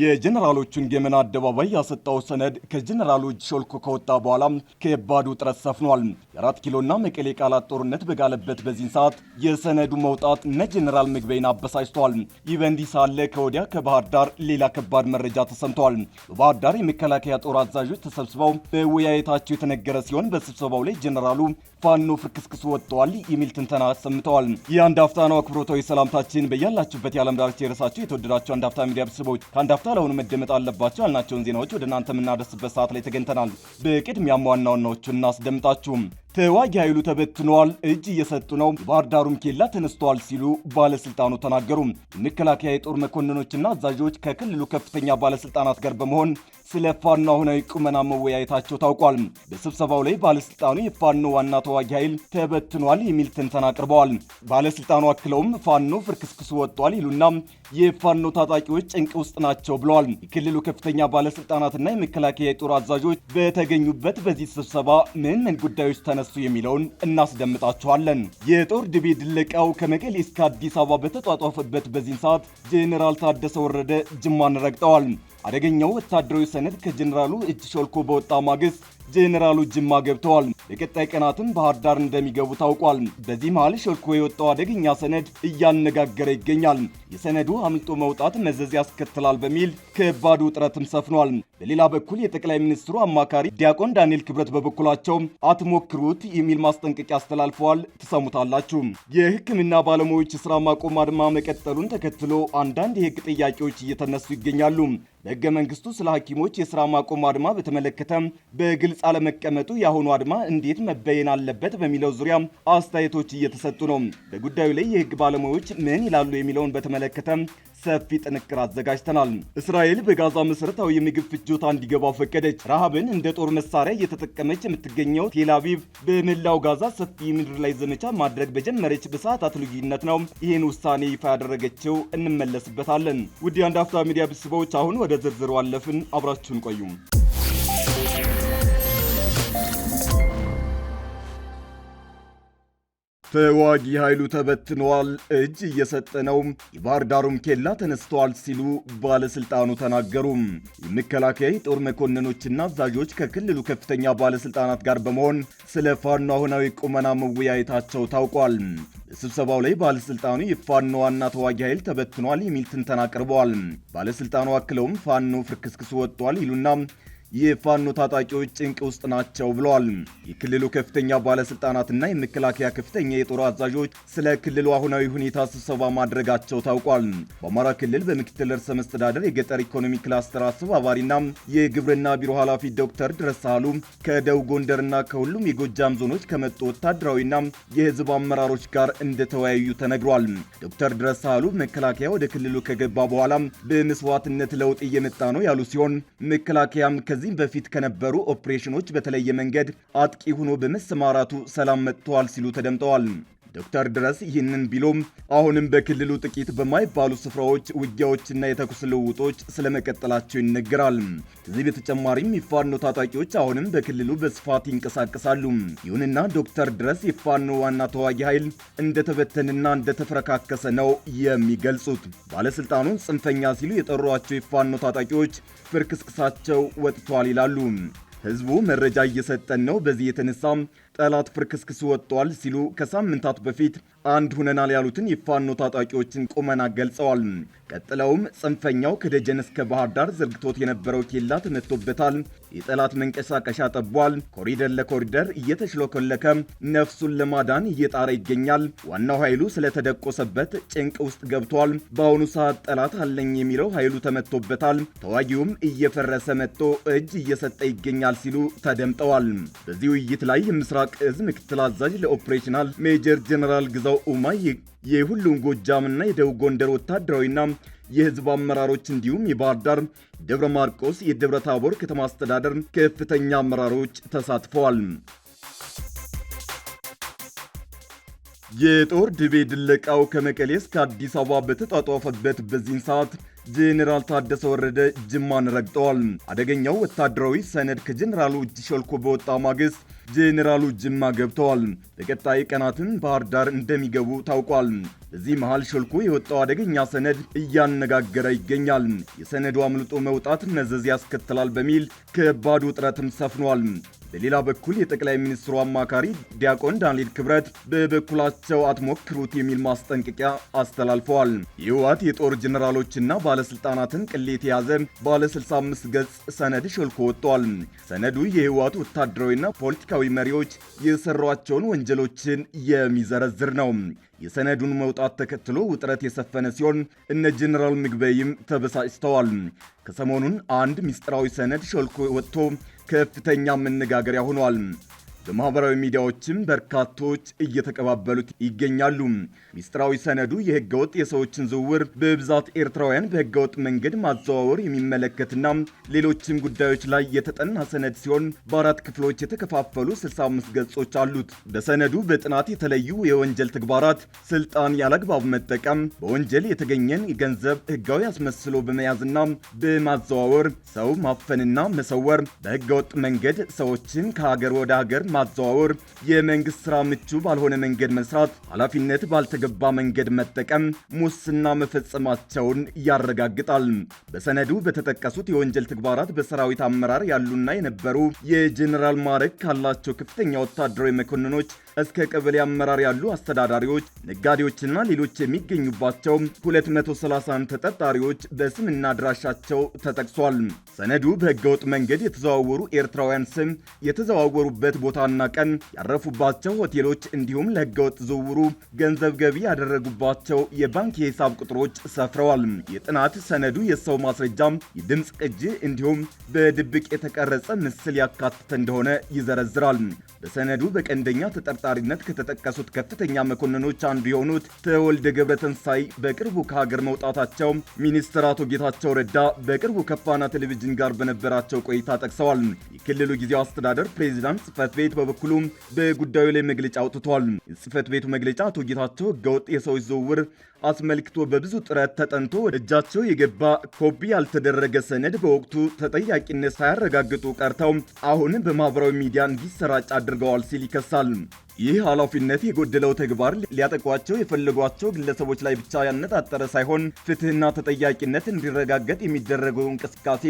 የጀኔራሎቹን ገመና አደባባይ ያሰጣው ሰነድ ከጀኔራሉ ሾልኮ ከወጣ በኋላ ከባድ ውጥረት ሰፍኗል። የአራት ኪሎና መቀሌ ቃላት ጦርነት በጋለበት በዚህን ሰዓት የሰነዱ መውጣት እነ ጀኔራል ምግበይን አበሳጭተዋል። ይህ በእንዲህ ሳለ ከወዲያ ከባህር ዳር ሌላ ከባድ መረጃ ተሰምተዋል። በባህር ዳር የመከላከያ ጦር አዛዦች ተሰብስበው በውይይታቸው የተነገረ ሲሆን በስብሰባው ላይ ጀኔራሉ ፋኖ ፍርክስክሱ ወጥተዋል የሚል ትንተና አሰምተዋል። ይህ አፍታ ነው። አክብሮታዊ ሰላምታችን በያላችሁበት የዓለም ዳርቻ የረሳችሁ የተወደዳቸው አንድ አፍታ ሚዲያ ቤተሰቦች ከአንድ አፍታ ለአሁኑ መደመጥ አለባቸው ያልናቸውን ዜናዎች ወደ እናንተ የምናደርስበት ሰዓት ላይ ተገኝተናል። በቅድሚያም ዋና ዋናዎቹን እናስደምጣችሁም ተዋጊ ኃይሉ ተበትነዋል፣ እጅ እየሰጡ ነው፣ የባህር ዳሩም ኬላ ተነስተዋል ሲሉ ባለስልጣኑ ተናገሩ። መከላከያ የጦር መኮንኖችና አዛዦች ከክልሉ ከፍተኛ ባለስልጣናት ጋር በመሆን ስለ ፋኖ አሁናዊ ቁመና መወያየታቸው ታውቋል። በስብሰባው ላይ ባለስልጣኑ የፋኖ ዋና ተዋጊ ኃይል ተበትኗል የሚል ትንተና አቅርበዋል። ባለስልጣኑ አክለውም ፋኖ ፍርክስክሱ ወጥቷል ይሉና የፋኖ ታጣቂዎች ጭንቅ ውስጥ ናቸው ብለዋል። የክልሉ ከፍተኛ ባለስልጣናትና የመከላከያ የጦር አዛዦች በተገኙበት በዚህ ስብሰባ ምን ምን ጉዳዮች ተነስ ተነሱ የሚለውን እናስደምጣቸዋለን። የጦር ድቤ ድለቃው ከመቀሌ እስከ አዲስ አበባ በተጧጧፈበት በዚህን ሰዓት ጄኔራል ታደሰ ወረደ ጅማን ረግጠዋል። አደገኛው ወታደራዊ ሰነድ ከጄኔራሉ እጅ ሾልኮ በወጣ ማግስት ጄኔራሉ ጅማ ገብተዋል። በቀጣይ ቀናትም ባህር ዳር እንደሚገቡ ታውቋል። በዚህ መሃል ሾልኮ የወጣው አደገኛ ሰነድ እያነጋገረ ይገኛል። የሰነዱ አምልጦ መውጣት መዘዝ ያስከትላል በሚል ከባድ ውጥረትም ሰፍኗል። በሌላ በኩል የጠቅላይ ሚኒስትሩ አማካሪ ዲያቆን ዳንኤል ክብረት በበኩላቸው አትሞክሩት የሚል ማስጠንቀቂያ አስተላልፈዋል። ትሰሙታላችሁ። የሕክምና ባለሙያዎች የስራ ማቆም አድማ መቀጠሉን ተከትሎ አንዳንድ የህግ ጥያቄዎች እየተነሱ ይገኛሉ። በህገ መንግስቱ ስለ ሐኪሞች የስራ ማቆም አድማ በተመለከተ በግልጽ በግልጽ አለመቀመጡ የአሁኑ አድማ እንዴት መበየን አለበት በሚለው ዙሪያ አስተያየቶች እየተሰጡ ነው። በጉዳዩ ላይ የህግ ባለሙያዎች ምን ይላሉ የሚለውን በተመለከተ ሰፊ ጥንቅር አዘጋጅተናል። እስራኤል በጋዛ መሰረታዊ የምግብ ፍጆታ እንዲገባ ፈቀደች። ረሃብን እንደ ጦር መሳሪያ እየተጠቀመች የምትገኘው ቴላቪቭ በመላው ጋዛ ሰፊ ምድር ላይ ዘመቻ ማድረግ በጀመረች በሰዓታት ልዩነት ነው ይህን ውሳኔ ይፋ ያደረገችው። እንመለስበታለን። ውድ የአንድ አፍታ ሚዲያ ቤተሰቦች አሁን ወደ ዝርዝሩ አለፍን። አብራችሁን ቆዩም ተዋጊ ኃይሉ ተበትነዋል፣ እጅ እየሰጠ ነው፣ የባህር ዳሩም ኬላ ተነስተዋል ሲሉ ባለስልጣኑ ተናገሩ። የመከላከያ የጦር መኮንኖችና አዛዦች ከክልሉ ከፍተኛ ባለስልጣናት ጋር በመሆን ስለ ፋኖ አሁናዊ ቁመና መወያየታቸው ታውቋል። በስብሰባው ላይ ባለስልጣኑ የፋኖ ዋና ተዋጊ ኃይል ተበትኗል የሚል ትንተና አቅርበዋል። ባለስልጣኑ አክለውም ፋኖ ፍርክስክስ ወጥቷል ይሉና የፋኖ ታጣቂዎች ጭንቅ ውስጥ ናቸው ብለዋል። የክልሉ ከፍተኛ ባለስልጣናትና የመከላከያ ከፍተኛ የጦር አዛዦች ስለ ክልሉ አሁናዊ ሁኔታ ስብሰባ ማድረጋቸው ታውቋል። በአማራ ክልል በምክትል ርዕሰ መስተዳደር የገጠር ኢኮኖሚ ክላስተር አስተባባሪና የግብርና ቢሮ ኃላፊ ዶክተር ድረሳሉ ከደቡብ ጎንደርና ከሁሉም የጎጃም ዞኖች ከመጡ ወታደራዊና የህዝብ አመራሮች ጋር እንደተወያዩ ተነግሯል። ዶክተር ድረሳሉ መከላከያ ወደ ክልሉ ከገባ በኋላ በመስዋዕትነት ለውጥ እየመጣ ነው ያሉ ሲሆን መከላከያም ከዚህም በፊት ከነበሩ ኦፕሬሽኖች በተለየ መንገድ አጥቂ ሆኖ በመሰማራቱ ሰላም መጥተዋል ሲሉ ተደምጠዋል። ዶክተር ድረስ ይህንን ቢሎም አሁንም በክልሉ ጥቂት በማይባሉ ስፍራዎች ውጊያዎችና የተኩስ ልውውጦች ስለመቀጠላቸው ይነገራል። ከዚህ በተጨማሪም የፋኖ ታጣቂዎች አሁንም በክልሉ በስፋት ይንቀሳቀሳሉ። ይሁንና ዶክተር ድረስ የፋኖ ዋና ተዋጊ ኃይል እንደተበተንና እንደተፈረካከሰ ነው የሚገልጹት። ባለስልጣኑ ጽንፈኛ ሲሉ የጠሯቸው የፋኖ ታጣቂዎች ፍርክስክሳቸው ወጥቷል ይላሉ። ህዝቡ መረጃ እየሰጠን ነው። በዚህ የተነሳም ጠላት ፍርክስክስ ወጥቷል ሲሉ ከሳምንታት በፊት አንድ ሁነናል ያሉትን የፋኖ ታጣቂዎችን ቁመና ገልጸዋል። ቀጥለውም ጽንፈኛው ከደጀን እስከ ባህር ዳር ዘርግቶት የነበረው ኬላ ተመቶበታል። የጠላት መንቀሳቀሻ ጠቧል። ኮሪደር ለኮሪደር እየተሽለከለከ ነፍሱን ለማዳን እየጣረ ይገኛል። ዋናው ኃይሉ ስለተደቆሰበት ጭንቅ ውስጥ ገብቷል። በአሁኑ ሰዓት ጠላት አለኝ የሚለው ኃይሉ ተመቶበታል። ተዋጊውም እየፈረሰ መጥቶ እጅ እየሰጠ ይገኛል ሲሉ ተደምጠዋል። በዚህ ውይይት ላይ የምስራቅ ምስራቅ እዝ ምክትል አዛዥ ለኦፕሬሽናል ሜጀር ጀነራል ግዛው ኡማይ የሁሉም ጎጃምና የደቡብ ጎንደር ወታደራዊና የህዝብ አመራሮች እንዲሁም የባህር ዳር፣ ደብረ ማርቆስ፣ የደብረ ታቦር ከተማ አስተዳደር ከፍተኛ አመራሮች ተሳትፈዋል። የጦር ድቤ ድለቃው ከመቀሌ እስከ አዲስ አበባ በተጧጧፈበት በዚህን ሰዓት ጄኔራል ታደሰ ወረደ ጅማን ረግጠዋል። አደገኛው ወታደራዊ ሰነድ ከጄኔራሉ እጅ ሾልኮ በወጣ ማግስት ጄኔራሉ ጅማ ገብተዋል። በቀጣይ ቀናትም ባህር ዳር እንደሚገቡ ታውቋል። በዚህ መሃል ሾልኮ የወጣው አደገኛ ሰነድ እያነጋገረ ይገኛል። የሰነዱ አምልጦ መውጣት መዘዝ ያስከትላል በሚል ከባድ ውጥረትም ሰፍኗል። በሌላ በኩል የጠቅላይ ሚኒስትሩ አማካሪ ዲያቆን ዳንኤል ክብረት በበኩላቸው አትሞክሩት የሚል ማስጠንቀቂያ አስተላልፈዋል። የህወሓት የጦር ጀኔራሎችና ባለስልጣናትን ቅሌት የያዘ ባለ 65 ገጽ ሰነድ ሾልኮ ወጥቷል። ሰነዱ የህወሓት ወታደራዊና ፖለቲካዊ መሪዎች የሰሯቸውን ወንጀሎችን የሚዘረዝር ነው። የሰነዱን መውጣት ተከትሎ ውጥረት የሰፈነ ሲሆን እነ ጀኔራል ምግበይም ተበሳጭተዋል። ከሰሞኑን አንድ ሚስጥራዊ ሰነድ ሾልኮ ወጥቶ ከፍተኛ መነጋገሪያ ሆኗል። በማህበራዊ ሚዲያዎችም በርካቶች እየተቀባበሉት ይገኛሉ። ሚስጥራዊ ሰነዱ የህገወጥ የሰዎችን ዝውውር በብዛት ኤርትራውያን በህገወጥ መንገድ ማዘዋወር የሚመለከትና ሌሎችም ጉዳዮች ላይ የተጠና ሰነድ ሲሆን በአራት ክፍሎች የተከፋፈሉ 65 ገጾች አሉት። በሰነዱ በጥናት የተለዩ የወንጀል ተግባራት፣ ስልጣን ያለግባብ መጠቀም፣ በወንጀል የተገኘን ገንዘብ ህጋዊ አስመስሎ በመያዝና በማዘዋወር ሰው ማፈንና መሰወር፣ በህገወጥ መንገድ ሰዎችን ከሀገር ወደ ሀገር ማዘዋወር፣ የመንግስት ስራ ምቹ ባልሆነ መንገድ መስራት፣ ኃላፊነት ባልተገባ መንገድ መጠቀም፣ ሙስና መፈጸማቸውን ያረጋግጣል። በሰነዱ በተጠቀሱት የወንጀል ተግባራት በሰራዊት አመራር ያሉና የነበሩ የጄኔራል ማዕረግ ካላቸው ከፍተኛ ወታደራዊ መኮንኖች እስከ ቀበሌ አመራር ያሉ አስተዳዳሪዎች፣ ነጋዴዎችና ሌሎች የሚገኙባቸው 231 ተጠርጣሪዎች በስምና አድራሻቸው ተጠቅሷል። ሰነዱ በህገወጥ መንገድ የተዘዋወሩ ኤርትራውያን ስም፣ የተዘዋወሩበት ቦታና ቀን፣ ያረፉባቸው ሆቴሎች እንዲሁም ለህገወጥ ዝውውሩ ገንዘብ ገቢ ያደረጉባቸው የባንክ የሂሳብ ቁጥሮች ሰፍረዋል። የጥናት ሰነዱ የሰው ማስረጃ፣ የድምፅ ቅጂ እንዲሁም በድብቅ የተቀረጸ ምስል ያካተተ እንደሆነ ይዘረዝራል። በሰነዱ በቀንደኛ ተጠርጣ በጠባጫሪነት ከተጠቀሱት ከፍተኛ መኮንኖች አንዱ የሆኑት ተወልደ ገብረ ትንሳይ በቅርቡ ከሀገር መውጣታቸው ሚኒስትር አቶ ጌታቸው ረዳ በቅርቡ ከፋና ቴሌቪዥን ጋር በነበራቸው ቆይታ ጠቅሰዋል። የክልሉ ጊዜው አስተዳደር ፕሬዚዳንት ጽህፈት ቤት በበኩሉ በጉዳዩ ላይ መግለጫ አውጥቷል። የጽህፈት ቤቱ መግለጫ አቶ ጌታቸው ህገወጥ የሰዎች ዝውውር አስመልክቶ በብዙ ጥረት ተጠንቶ እጃቸው የገባ ኮፒ ያልተደረገ ሰነድ በወቅቱ ተጠያቂነት ሳያረጋግጡ ቀርተው አሁንም በማህበራዊ ሚዲያ እንዲሰራጭ አድርገዋል ሲል ይከሳል። ይህ ኃላፊነት የጎደለው ተግባር ሊያጠቋቸው የፈለጓቸው ግለሰቦች ላይ ብቻ ያነጣጠረ ሳይሆን ፍትህና ተጠያቂነት እንዲረጋገጥ የሚደረገው እንቅስቃሴ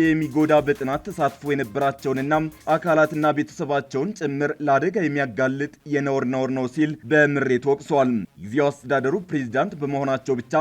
የሚጎዳ በጥናት ተሳትፎ የነበራቸውንና አካላትና ቤተሰባቸውን ጭምር ለአደጋ የሚያጋልጥ የነውር ነውር ነው ሲል በምሬት ወቅሷል። ጊዜው አስተዳደሩ ፕሬዚዳንት በመሆናቸው ብቻ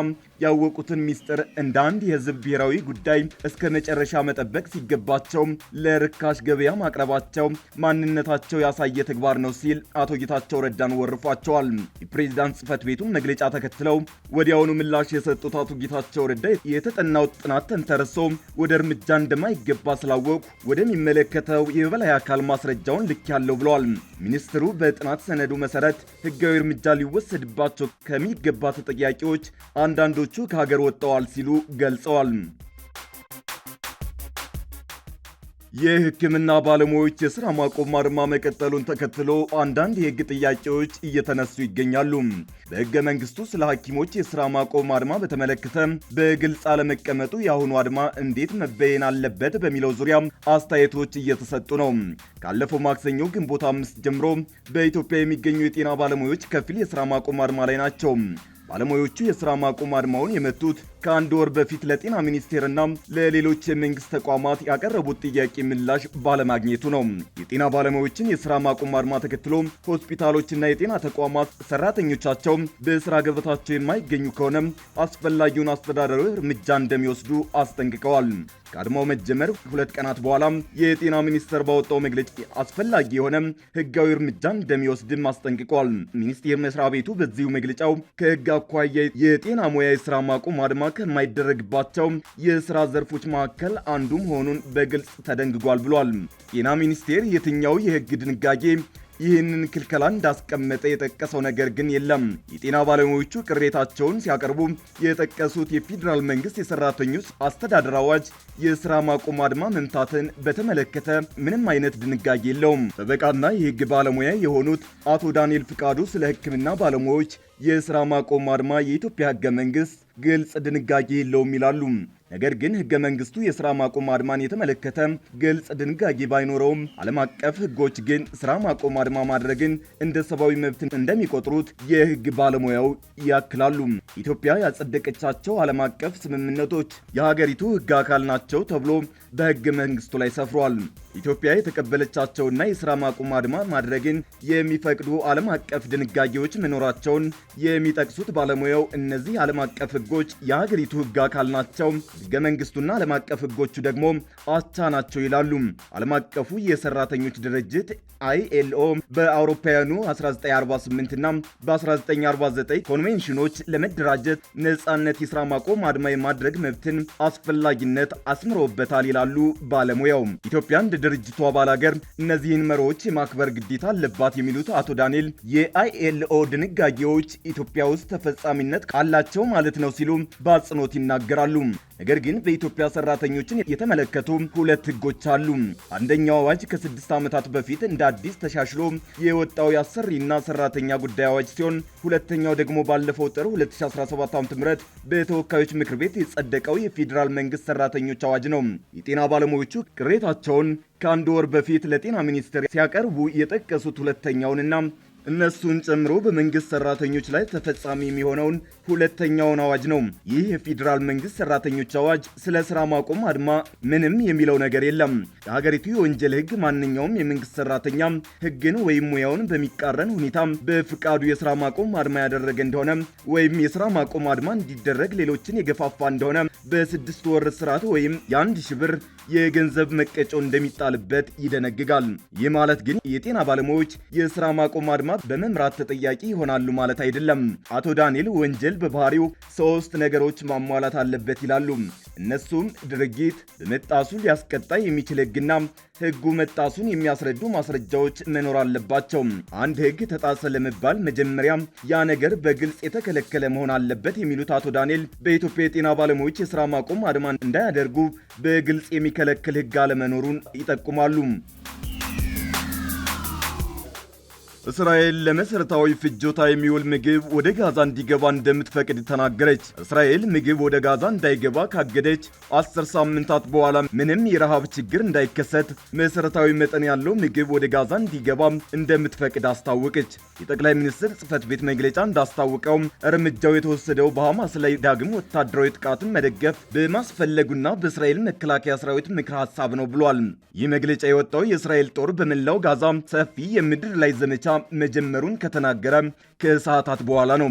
ያወቁትን ሚስጥር እንደ አንድ የህዝብ ብሔራዊ ጉዳይ እስከ መጨረሻ መጠበቅ ሲገባቸው ለርካሽ ገበያ ማቅረባቸው ማንነታቸው ያሳየ ተግባር ነው ሲል አቶ ጌታቸው ረዳን ወርፏቸዋል። የፕሬዚዳንት ጽህፈት ቤቱን መግለጫ ተከትለው ወዲያውኑ ምላሽ የሰጡት አቶ ጌታቸው ረዳ የተጠናው ጥናት ተንተርሶ ወደ እርምጃ እንደማይገባ ስላወቁ ወደሚመለከተው የበላይ አካል ማስረጃውን ልክ ያለው ብለዋል። ሚኒስትሩ በጥናት ሰነዱ መሰረት ህጋዊ እርምጃ ሊወሰድባቸው ከሚገባ ተጠያቂዎች አንዳንዶ አብዛኞቹ ከሀገር ወጥተዋል ሲሉ ገልጸዋል። የሕክምና ባለሙያዎች የሥራ ማቆም አድማ መቀጠሉን ተከትሎ አንዳንድ የሕግ ጥያቄዎች እየተነሱ ይገኛሉ። በሕገ መንግሥቱ ስለ ሐኪሞች የሥራ ማቆም አድማ በተመለከተ በግልጽ አለመቀመጡ የአሁኑ አድማ እንዴት መበየን አለበት በሚለው ዙሪያ አስተያየቶች እየተሰጡ ነው። ካለፈው ማክሰኞ ግንቦት አምስት ጀምሮ በኢትዮጵያ የሚገኙ የጤና ባለሙያዎች ከፊል የሥራ ማቆም አድማ ላይ ናቸው። ባለሙያዎቹ የስራ ማቆም አድማውን የመቱት ከአንድ ወር በፊት ለጤና ሚኒስቴርና ለሌሎች የመንግስት ተቋማት ያቀረቡት ጥያቄ ምላሽ ባለማግኘቱ ነው። የጤና ባለሙያዎችን የስራ ማቆም አድማ ተከትሎ ሆስፒታሎችና የጤና ተቋማት ሰራተኞቻቸው በስራ ገበታቸው የማይገኙ ከሆነ አስፈላጊውን አስተዳደራዊ እርምጃ እንደሚወስዱ አስጠንቅቀዋል። ከአድማው መጀመር ሁለት ቀናት በኋላ የጤና ሚኒስቴር ባወጣው መግለጫ አስፈላጊ የሆነ ህጋዊ እርምጃ እንደሚወስድም አስጠንቅቋል። ሚኒስቴር መስሪያ ቤቱ በዚሁ መግለጫው ከህግ አኳያ የጤና ሙያ የስራ ማቆም አድማ ከማይደረግባቸው የስራ ዘርፎች መካከል አንዱ መሆኑን በግልጽ ተደንግጓል ብሏል። ጤና ሚኒስቴር የትኛው የህግ ድንጋጌ ይህንን ክልከላ እንዳስቀመጠ የጠቀሰው ነገር ግን የለም። የጤና ባለሙያዎቹ ቅሬታቸውን ሲያቀርቡ የጠቀሱት የፌዴራል መንግስት የሰራተኞች አስተዳደር አዋጅ የስራ ማቆም አድማ መምታትን በተመለከተ ምንም አይነት ድንጋጌ የለውም። ጠበቃና የህግ ባለሙያ የሆኑት አቶ ዳንኤል ፍቃዱ ስለ ህክምና ባለሙያዎች የስራ ማቆም አድማ የኢትዮጵያ ህገ መንግስት ግልጽ ድንጋጌ የለውም ይላሉ። ነገር ግን ህገ መንግስቱ የስራ ማቆም አድማን የተመለከተ ግልጽ ድንጋጌ ባይኖረውም ዓለም አቀፍ ህጎች ግን ስራ ማቆም አድማ ማድረግን እንደ ሰብአዊ መብት እንደሚቆጥሩት የህግ ባለሙያው ያክላሉ። ኢትዮጵያ ያጸደቀቻቸው ዓለም አቀፍ ስምምነቶች የሀገሪቱ ህግ አካል ናቸው ተብሎ በህገ መንግስቱ ላይ ሰፍሯል። ኢትዮጵያ የተቀበለቻቸውና የስራ ማቆም አድማ ማድረግን የሚፈቅዱ ዓለም አቀፍ ድንጋጌዎች መኖራቸውን የሚጠቅሱት ባለሙያው እነዚህ ዓለም አቀፍ ህጎች የሀገሪቱ ህግ አካል ናቸው፣ ህገ መንግስቱና ዓለም አቀፍ ህጎቹ ደግሞ አቻ ናቸው ይላሉ። ዓለም አቀፉ የሰራተኞች ድርጅት አይኤልኦ በአውሮፓውያኑ 1948 እና በ1949 ኮንቬንሽኖች ለመደራጀት ነጻነት፣ የስራ ማቆም፣ አድማ የማድረግ መብትን አስፈላጊነት አስምረውበታል ይላሉ ባለሙያው። ኢትዮጵያ እንደ ድርጅቱ አባል ሀገር እነዚህን መሮዎች የማክበር ግዴታ አለባት የሚሉት አቶ ዳንኤል የአይኤልኦ ድንጋጌዎች ኢትዮጵያ ውስጥ ተፈጻሚነት ካላቸው ማለት ነው ሲሉ በአጽንኦት ይናገራሉ። ነገር ግን በኢትዮጵያ ሰራተኞችን የተመለከቱ ሁለት ህጎች አሉ። አንደኛው አዋጅ ከስድስት ዓመታት በፊት እንደ አዲስ ተሻሽሎ የወጣው የአሰሪና ሰራተኛ ጉዳይ አዋጅ ሲሆን ሁለተኛው ደግሞ ባለፈው ጥር 2017 ዓ.ም በተወካዮች ምክር ቤት የጸደቀው የፌዴራል መንግስት ሰራተኞች አዋጅ ነው። የጤና ባለሙያዎቹ ቅሬታቸውን ከአንድ ወር በፊት ለጤና ሚኒስቴር ሲያቀርቡ የጠቀሱት ሁለተኛውንና እነሱን ጨምሮ በመንግስት ሰራተኞች ላይ ተፈጻሚ የሚሆነውን ሁለተኛውን አዋጅ ነው። ይህ የፌዴራል መንግስት ሰራተኞች አዋጅ ስለ ስራ ማቆም አድማ ምንም የሚለው ነገር የለም። የሀገሪቱ የወንጀል ህግ ማንኛውም የመንግስት ሰራተኛ ህግን ወይም ሙያውን በሚቃረን ሁኔታ በፍቃዱ የስራ ማቆም አድማ ያደረገ እንደሆነ ወይም የስራ ማቆም አድማ እንዲደረግ ሌሎችን የገፋፋ እንደሆነ በስድስት ወር ስርዓት ወይም የአንድ ሺህ ብር የገንዘብ መቀጮ እንደሚጣልበት ይደነግጋል። ይህ ማለት ግን የጤና ባለሙያዎች የስራ ማቆም አድማ በመምራት ተጠያቂ ይሆናሉ ማለት አይደለም። አቶ ዳንኤል ወንጀል በባህሪው ሶስት ነገሮች ማሟላት አለበት ይላሉ። እነሱም ድርጊት በመጣሱ ሊያስቀጣ የሚችል ህግና ህጉ መጣሱን የሚያስረዱ ማስረጃዎች መኖር አለባቸው። አንድ ህግ ተጣሰ ለመባል መጀመሪያ ያ ነገር በግልጽ የተከለከለ መሆን አለበት የሚሉት አቶ ዳንኤል በኢትዮጵያ የጤና ባለሙያዎች የስራ ማቆም አድማ እንዳያደርጉ በግልጽ የሚ የሚከለክል ህግ አለመኖሩን ይጠቁማሉ። እስራኤል ለመሠረታዊ ፍጆታ የሚውል ምግብ ወደ ጋዛ እንዲገባ እንደምትፈቅድ ተናገረች። እስራኤል ምግብ ወደ ጋዛ እንዳይገባ ካገደች አስር ሳምንታት በኋላ ምንም የረሃብ ችግር እንዳይከሰት መሠረታዊ መጠን ያለው ምግብ ወደ ጋዛ እንዲገባ እንደምትፈቅድ አስታወቀች። የጠቅላይ ሚኒስትር ጽህፈት ቤት መግለጫ እንዳስታወቀው እርምጃው የተወሰደው በሐማስ ላይ ዳግም ወታደራዊ ጥቃትን መደገፍ በማስፈለጉና በእስራኤል መከላከያ ሰራዊት ምክር ሐሳብ ነው ብሏል። ይህ መግለጫ የወጣው የእስራኤል ጦር በመላው ጋዛ ሰፊ የምድር ላይ ዘመቻ መጀመሩን ከተናገረ ከሰዓታት በኋላ ነው።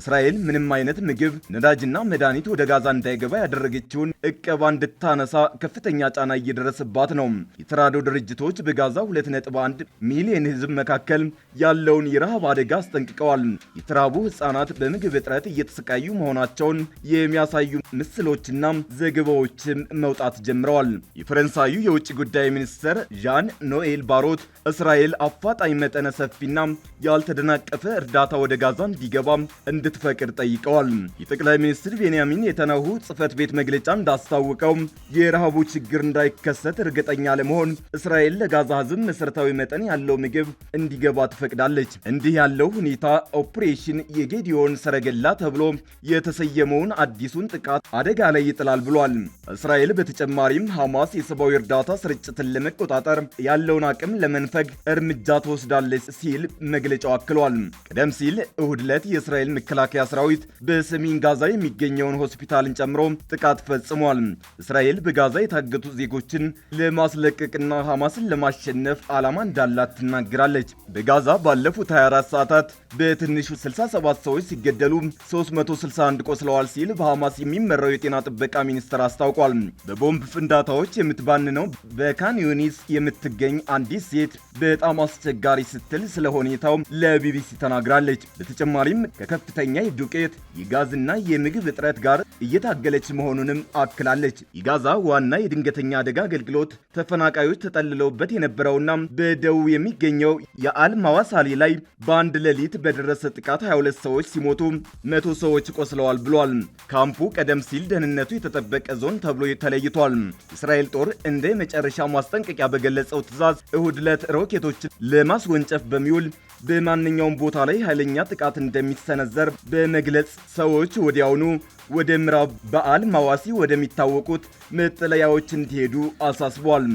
እስራኤል ምንም አይነት ምግብ፣ ነዳጅና መድኃኒት ወደ ጋዛ እንዳይገባ ያደረገችውን እቀባ እንድታነሳ ከፍተኛ ጫና እየደረሰባት ነው። የተራዶ ድርጅቶች በጋዛ 2.1 ሚሊዮን ሕዝብ መካከል ያለውን የረሃብ አደጋ አስጠንቅቀዋል። የተራቡ ሕጻናት በምግብ እጥረት እየተሰቃዩ መሆናቸውን የሚያሳዩ ምስሎችና ዘገባዎችም መውጣት ጀምረዋል። የፈረንሳዩ የውጭ ጉዳይ ሚኒስትር ዣን ኖኤል ባሮት እስራኤል አፋጣኝ መጠነ ሰፊ አስፈላጊና ያልተደናቀፈ እርዳታ ወደ ጋዛ እንዲገባ እንድትፈቅድ ጠይቀዋል። የጠቅላይ ሚኒስትር ቤንያሚን የተናሁ ጽህፈት ቤት መግለጫ እንዳስታወቀው የረሃቡ ችግር እንዳይከሰት እርግጠኛ ለመሆን እስራኤል ለጋዛ ህዝብ መሠረታዊ መጠን ያለው ምግብ እንዲገባ ትፈቅዳለች። እንዲህ ያለው ሁኔታ ኦፕሬሽን የጌዲዮን ሰረገላ ተብሎ የተሰየመውን አዲሱን ጥቃት አደጋ ላይ ይጥላል ብሏል። እስራኤል በተጨማሪም ሐማስ የሰብአዊ እርዳታ ስርጭትን ለመቆጣጠር ያለውን አቅም ለመንፈግ እርምጃ ትወስዳለች ሲል ሲል መግለጫው አክሏል። ቀደም ሲል እሁድ ዕለት የእስራኤል መከላከያ ሰራዊት በሰሜን ጋዛ የሚገኘውን ሆስፒታልን ጨምሮ ጥቃት ፈጽሟል። እስራኤል በጋዛ የታገቱ ዜጎችን ለማስለቀቅና ሐማስን ለማሸነፍ ዓላማ እንዳላት ትናገራለች። በጋዛ ባለፉት 24 ሰዓታት በትንሹ 67 ሰዎች ሲገደሉ 361 ቆስለዋል ሲል በሐማስ የሚመራው የጤና ጥበቃ ሚኒስቴር አስታውቋል። በቦምብ ፍንዳታዎች የምትባንነው በካን ዩኒስ የምትገኝ አንዲት ሴት በጣም አስቸጋሪ ስትል ስለ ሁኔታው ለቢቢሲ ተናግራለች። በተጨማሪም ከከፍተኛ የዱቄት የጋዝና የምግብ እጥረት ጋር እየታገለች መሆኑንም አክላለች። የጋዛ ዋና የድንገተኛ አደጋ አገልግሎት ተፈናቃዮች ተጠልለውበት የነበረውና በደቡብ የሚገኘው የአል ማዋሳሊ ላይ በአንድ ሌሊት በደረሰ ጥቃት 22 ሰዎች ሲሞቱ መቶ ሰዎች ቆስለዋል ብሏል። ካምፑ ቀደም ሲል ደህንነቱ የተጠበቀ ዞን ተብሎ ተለይቷል። እስራኤል ጦር እንደ መጨረሻ ማስጠንቀቂያ በገለጸው ትዕዛዝ እሁድ ዕለት ሮኬቶችን ለማስወንጨፍ በሚ እንደሚውል በማንኛውም ቦታ ላይ ኃይለኛ ጥቃት እንደሚሰነዘር በመግለጽ ሰዎች ወዲያውኑ ወደ ምዕራብ በዓል ማዋሲ ወደሚታወቁት መጠለያዎች እንዲሄዱ አሳስቧል።